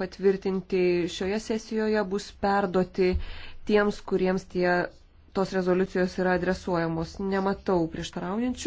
patvirtinti šioje sesijoje bus perduoti tiems, kuriems tie, tos rezoliucijos yra adresuojamos. Nematau prieštaraujančių.